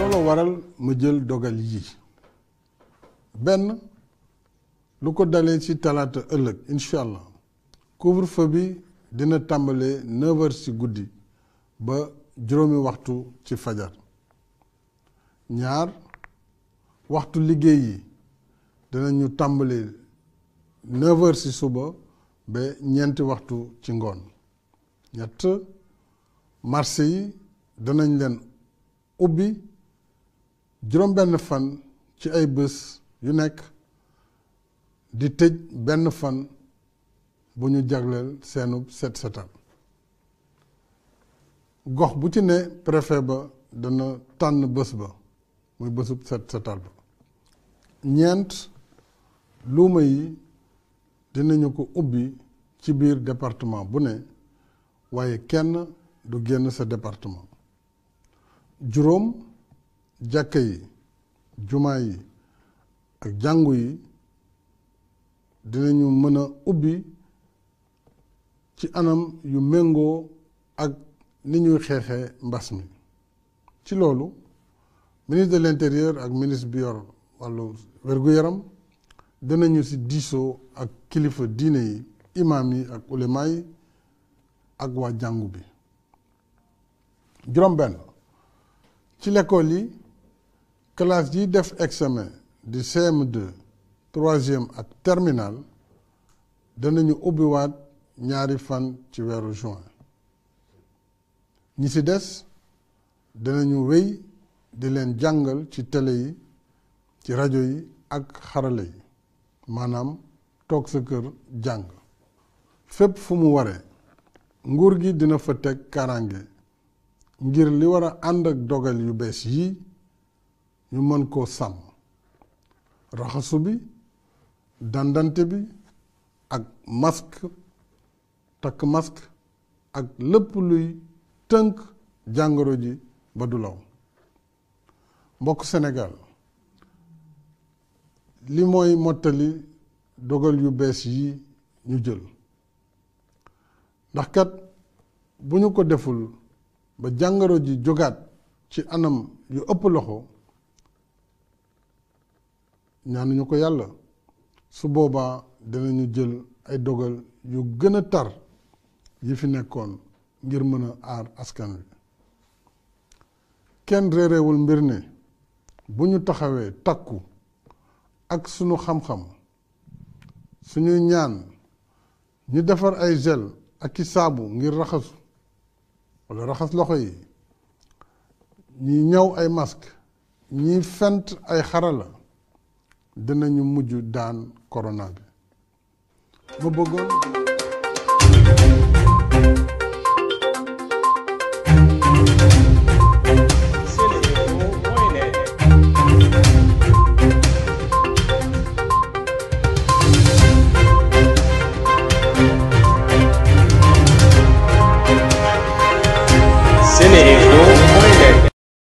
looloo waral ma jël dogal yii benn lu ko dalee ci talaata ëllëg incha allah couvre-feu bi dina tàmbalee neuf heures ci guddi ba juróomi waxtu ci fajar ñaar waxtu liggéey yi dinañu tàmbalee neuf heures ci suba ba ñeenti waxtu ci ngoon ñett marché yi danañ leen ubbi juróom-benn fan ci ay bés yu nekk di tëj benn fan bu ñu jagleel seenub set setal gox bu ci ne préfet ba dana tànn bés ba muy bésub set setal ba ñeent luuma yi dinañu ko ubbi ci biir département bu ne waaye kenn du génn sa département jàkka yi jumaa yi ak jàngu yi dinañu mën a ubbi ci anam yu méngoo ak ni ñuy xeexee mbas mi ci loolu ministre de l'intérieur ak ministre bi yor wàllu wér-gu-yaram dinañu ci diisoo ak kilifa diine yi imaam yi ak ulema yi ak waa jàngu bi juróom benn ci lekkool yi classe yi def examen di CM2 troisième ak terminal danañu ubbiwaat ñaari fan ci weeru juin ñi ci des danañu wéy di leen jàngal ci télé yi ci rajo yi ak xarala yi maanaam toog sa kër jàng fépp fu mu waree nguur gi dina fa teg kaaraange ngir li war a ànd ak dogal yu bees yi ñu mën koo sàmm raxasu bi dàndante bi ak mask takk mask ak lëpp luy tënk jàngoro ji ba du law mbokk Sénégal li mooy mottali dogal yu bees yi ñu jël ndax kat bu ñu ko deful ba jàngoro ji jógaat ci anam yu ëpp loxo ñaanuñu ko yàlla su boobaa dinañu jël ay dogal yu gën a tar yi fi nekkoon ngir mën a aar askan wi kenn réerewul mbir ne bu ñu taxawee takku ak sunu xam-xam suñuy ñaan ñu defar ay gel ak i saabu ngir raxasu wala raxas loxo yi ñi ñaw ay masque ñuy fent ay xarala dinañu mujj daan corona bi ma